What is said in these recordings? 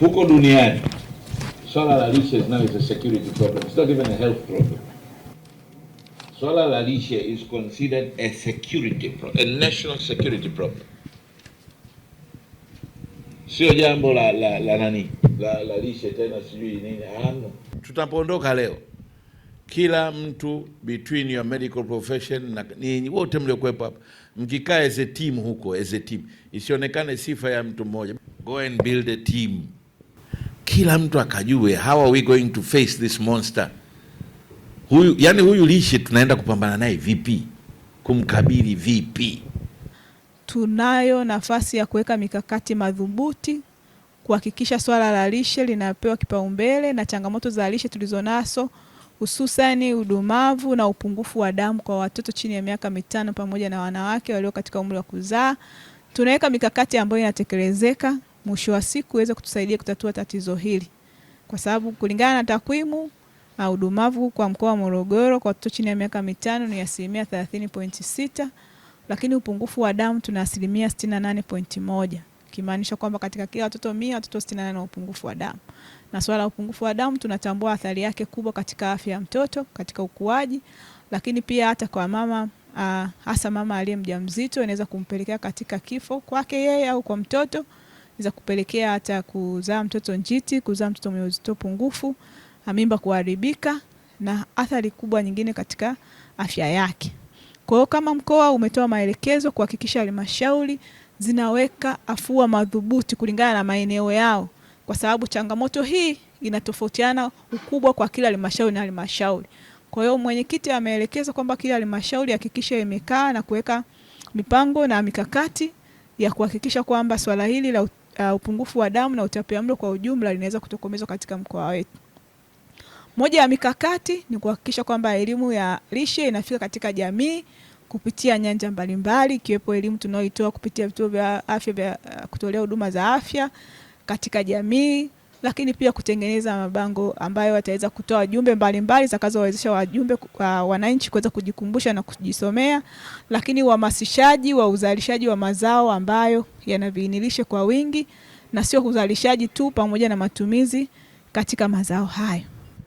huko duniani swala la lishe is is a security problem. It's not even a health problem. Swala la lishe is considered a security problem, a national security problem. Sio jambo la, la, la nani la, la lishe tena sijui nini ano. Tutapoondoka leo kila mtu between your medical profession na ninyi wote mliokuwepo hapa mkikaa as a team huko as a team, isionekane sifa ya mtu mmoja. Go and build a team kila mtu akajue how are we going to face this monster. Huyu yani, huyu lishe tunaenda kupambana naye vipi, kumkabili vipi? Tunayo nafasi ya kuweka mikakati madhubuti kuhakikisha swala la lishe linapewa kipaumbele na changamoto za lishe tulizonazo hususani udumavu na upungufu wa damu kwa watoto chini ya miaka mitano pamoja na wanawake walio katika umri wa kuzaa. Tunaweka mikakati ambayo inatekelezeka mwisho wa siku iweze kutusaidia kutatua tatizo hili, kwa sababu kulingana na takwimu udumavu kwa mkoa wa Morogoro kwa watoto chini ya miaka mitano ni asilimia 30.6, lakini upungufu wa damu tuna asilimia 68.1, kimaanisha kwamba katika kila watoto 100 watoto 68 na upungufu wa damu. Na swala la upungufu wa damu tunatambua athari yake kubwa katika afya ya mtoto, katika ukuaji, lakini pia hata kwa mama uh, hasa mama aliye mjamzito inaweza kumpelekea katika kifo kwake yeye au kwa mtoto za kupelekea hata kuzaa mtoto njiti, kuzaa mtoto mwenye uzito pungufu, mimba kuharibika na athari kubwa nyingine katika afya yake. Kwa hiyo kama mkoa umetoa maelekezo kuhakikisha halmashauri zinaweka afua madhubuti kulingana na maeneo yao, kwa sababu changamoto hii inatofautiana ukubwa kwa kila halmashauri na halmashauri. Kwa hiyo mwenyekiti ameelekeza kwamba kila halmashauri hakikisha imekaa na kuweka mipango na mikakati ya kuhakikisha kwamba swala hili la uh, upungufu wa damu na utapiamlo kwa ujumla linaweza kutokomezwa katika mkoa wetu. Moja ya mikakati ni kuhakikisha kwamba elimu ya lishe inafika katika jamii kupitia nyanja mbalimbali ikiwepo elimu tunayoitoa kupitia vituo vya afya vya uh, kutolea huduma za afya katika jamii lakini pia kutengeneza mabango ambayo wataweza kutoa jumbe mbalimbali zitakazowawezesha wajumbe kwa uh, wananchi kuweza kujikumbusha na kujisomea, lakini uhamasishaji wa uzalishaji wa mazao ambayo yana viinilishe kwa wingi na sio uzalishaji tu, pamoja na matumizi katika mazao hayo.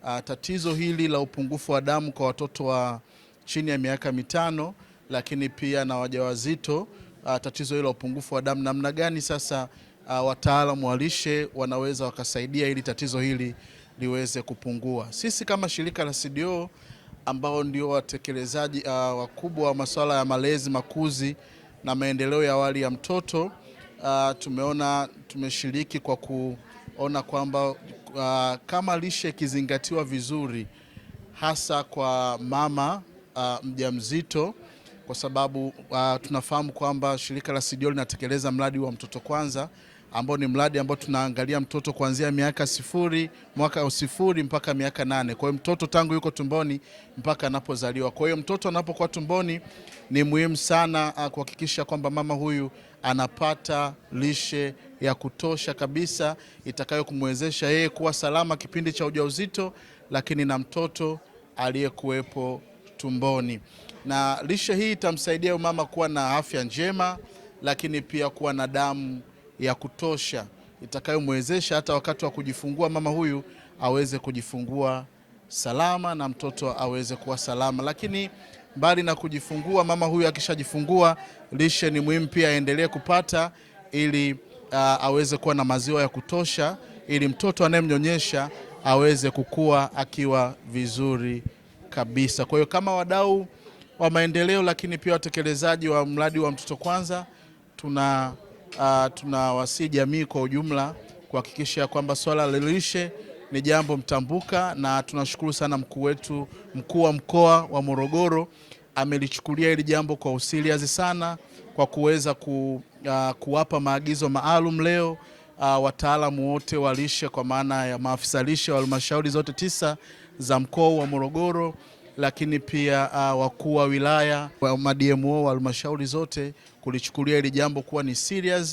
A, uh, tatizo hili la upungufu wa damu kwa watoto wa chini ya miaka mitano, lakini pia na wajawazito, uh, tatizo hilo la upungufu wa damu namna gani sasa uh, wataalamu wa lishe wanaweza wakasaidia ili tatizo hili liweze kupungua. Sisi kama shirika la CDO ambao ndio watekelezaji uh, wakubwa wa masuala ya malezi, makuzi na maendeleo ya awali ya mtoto uh, tumeona tumeshiriki kwa kuona kwamba uh, kama lishe ikizingatiwa vizuri hasa kwa mama uh, mjamzito kwa sababu uh, tunafahamu kwamba shirika la CDO linatekeleza mradi wa mtoto kwanza ambao ni mradi ambao tunaangalia mtoto kuanzia miaka sifuri mwaka sifuri mpaka miaka nane. Kwa hiyo mtoto tangu yuko tumboni mpaka anapozaliwa. Kwa hiyo mtoto anapokuwa tumboni, ni muhimu sana ah, kuhakikisha kwamba mama huyu anapata lishe ya kutosha kabisa itakayokumwezesha yeye kuwa salama kipindi cha ujauzito, lakini na mtoto aliyekuwepo tumboni, na lishe hii itamsaidia mama kuwa na afya njema, lakini pia kuwa na damu ya kutosha itakayomwezesha hata wakati wa kujifungua mama huyu aweze kujifungua salama na mtoto aweze kuwa salama. Lakini mbali na kujifungua, mama huyu akishajifungua, lishe ni muhimu pia aendelee kupata ili uh, aweze kuwa na maziwa ya kutosha ili mtoto anayemnyonyesha aweze kukua akiwa vizuri kabisa. Kwa hiyo kama wadau wa maendeleo, lakini pia watekelezaji wa mradi wa Mtoto Kwanza tuna uh, ah, tunawasii jamii kwa ujumla kuhakikisha kwamba swala la lishe ni jambo mtambuka, na tunashukuru sana mkuu wetu, mkuu wa mkoa wa Morogoro amelichukulia hili jambo kwa usiliazi sana kwa kuweza ku, uh, kuwapa maagizo maalum leo uh, wataalamu wote wa lishe kwa maana ya maafisa lishe wa halmashauri zote tisa za mkoa wa Morogoro lakini pia uh, wakuu wa wilaya wa madiemo wa halmashauri zote kulichukulia hili jambo kuwa ni serious.